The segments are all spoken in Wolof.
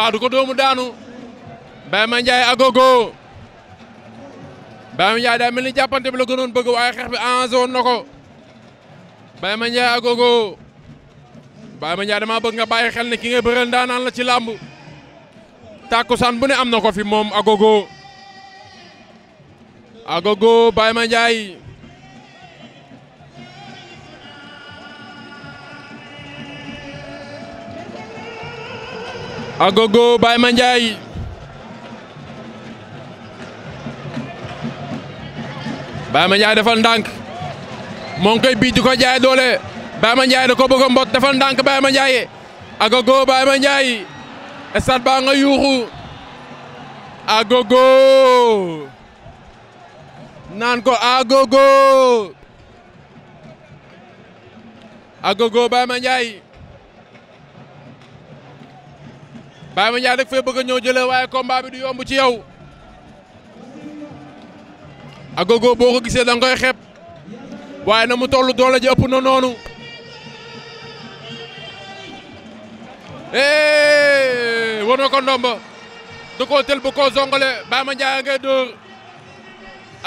paadu ko doomu daanu Baye Ma Ndiaye agogo Baye Ma Ndiaye daa mel ni jàppante bi la gënoon bëgg waaye xeex bi en zone na ko Ma Ndiaye agogo Baye Ma Ndiaye bëgg nga bàyyi xel ne ki nga bëreel daanaan la ci làmb tàkkusaan bu ne am na ko fi moom agogo agogo Baye Ma Agogo Baye Mandiaye Baye Mandiaye defal ndànk moo ngi koy biij di ko jaay doole Baye Mandiaye da ko bëgg a mbot defal ndànk Baye Mandiaye Agogo Baye Mandiaye stade baa nga yuuxu Agogo naan ko Agogo Agogo Baye Mandiaye Baye Mandiaye nag fee bëgg a ñëw jëlee waaye combat bi du yombu ci yow Agogo boo ko gisee da nga koy xeeb waaye na mu toll doole ji ëpp na noonu. war ko ko ndomba da koo tël bu koo zongale Baye Mandiaye ngay dóor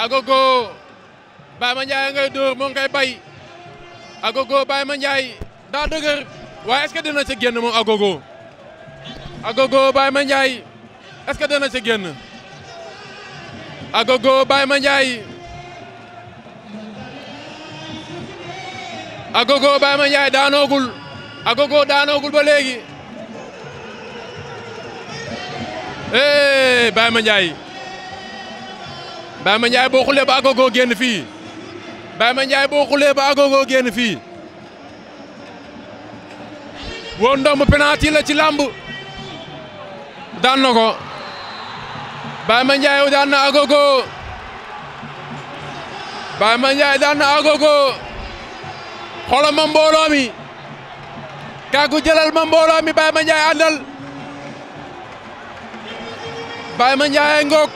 Agogo Baye Mandiaye ngay dóor moo ngi koy bay Agogo Baye Mandiaye daa dëgër waaye est-ce ci génn moom Agogo. Agogo Baye Mandiaye est-ce que dana ca génn Agogo Baye Mandiaye Agogo Baye Mandiaye daanoogul Agogo daanoogul ba léegi eh Baye Mandiaye Baye Mandiaye boo xoolee Agogo génn fii Baye Mandiaye boo xoolee Agogo génn fii woon ndomb penalty la ci daan na ko ma Mandiaye daan na Agogo Baye Mandiaye daan na Agogo ma mbooloo mi kàggu jëlal ma mbooloo mi Baye Mandiaye àndal Baye Mandiaye ngoog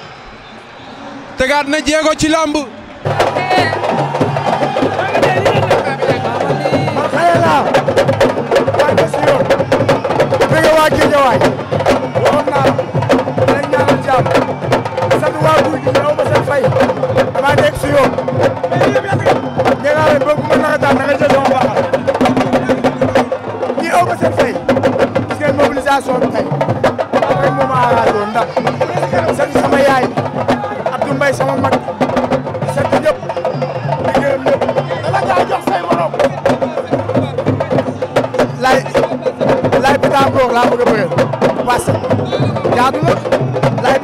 tegaat na jéego ci làmb sama mag di sant ñëpp di gërëm ñëpp dala ngaa jox say morom lay lay bitaa góor laa bëgg a bëgg parce que jaadu na lay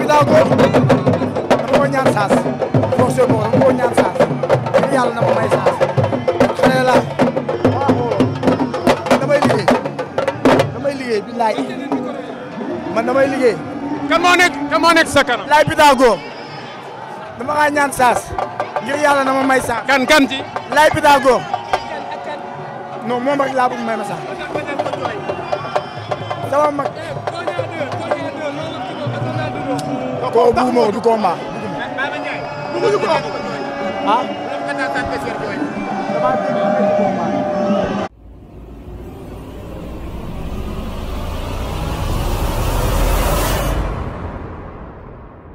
ñaan saas forcé mo dama ko ñaan saas ngir yàlla na ma may saas xale la liggéey damay liggéey man damay liggéey kan moo nekk kan moo nekk sa kanam lay dama kaa ñaan saas ngir yàlla na ma may saas. kan kan lay Pythagore. non moom rek laa bëgg may ma saas. sama mag. koo buumoo du ko mbaa.